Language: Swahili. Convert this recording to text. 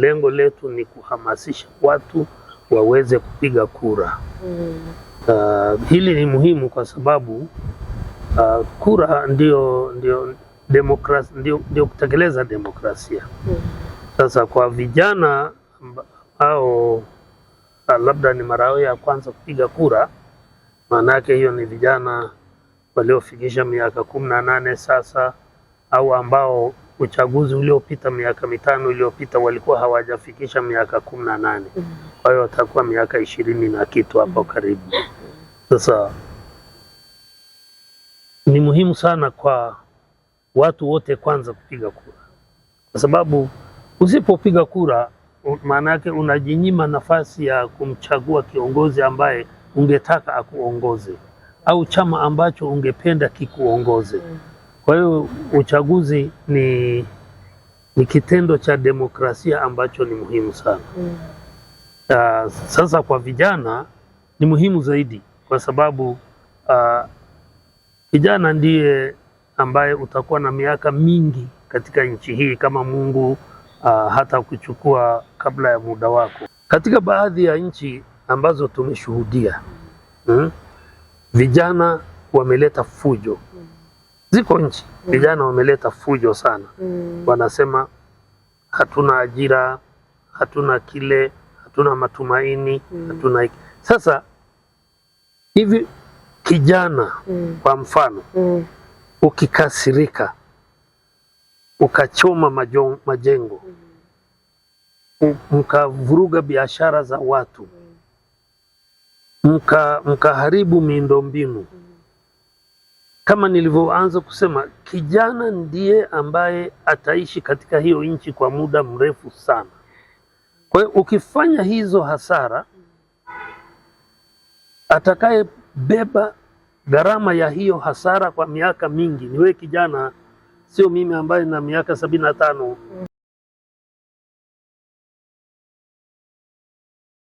Lengo letu ni kuhamasisha watu waweze kupiga kura. Mm. Uh, hili ni muhimu kwa sababu uh, kura ndio ndio demokrasi, ndio, ndio kutekeleza demokrasia. Mm. Sasa kwa vijana au uh, labda ni mara yao ya kwanza kupiga kura, maana yake hiyo ni vijana waliofikisha miaka kumi na nane sasa au ambao uchaguzi uliopita miaka mitano iliyopita walikuwa hawajafikisha miaka kumi na nane mm. Kwa hiyo watakuwa miaka ishirini na kitu hapo mm. karibu. Sasa ni muhimu sana kwa watu wote kwanza kupiga kura, kwa sababu usipopiga kura maana yake unajinyima nafasi ya kumchagua kiongozi ambaye ungetaka akuongoze au chama ambacho ungependa kikuongoze. Mm. Kwa hiyo uchaguzi ni, ni kitendo cha demokrasia ambacho ni muhimu sana mm. Uh, sasa kwa vijana ni muhimu zaidi kwa sababu ah, kijana ndiye ambaye utakuwa na miaka mingi katika nchi hii kama Mungu uh, hata kuchukua kabla ya muda wako. Katika baadhi ya nchi ambazo tumeshuhudia mm, vijana wameleta fujo mm ziko nchi mm. vijana mm. wameleta fujo sana mm. wanasema hatuna ajira, hatuna kile, hatuna matumaini mm. hatuna iki Sasa hivi kijana mm. kwa mfano mm. ukikasirika ukachoma majong, majengo mm. mkavuruga biashara za watu mm. mkaharibu miundo miundombinu mm. Kama nilivyoanza kusema, kijana ndiye ambaye ataishi katika hiyo nchi kwa muda mrefu sana. Kwa hiyo ukifanya hizo hasara, atakayebeba gharama ya hiyo hasara kwa miaka mingi ni wewe kijana, sio mimi ambaye na miaka sabini na tano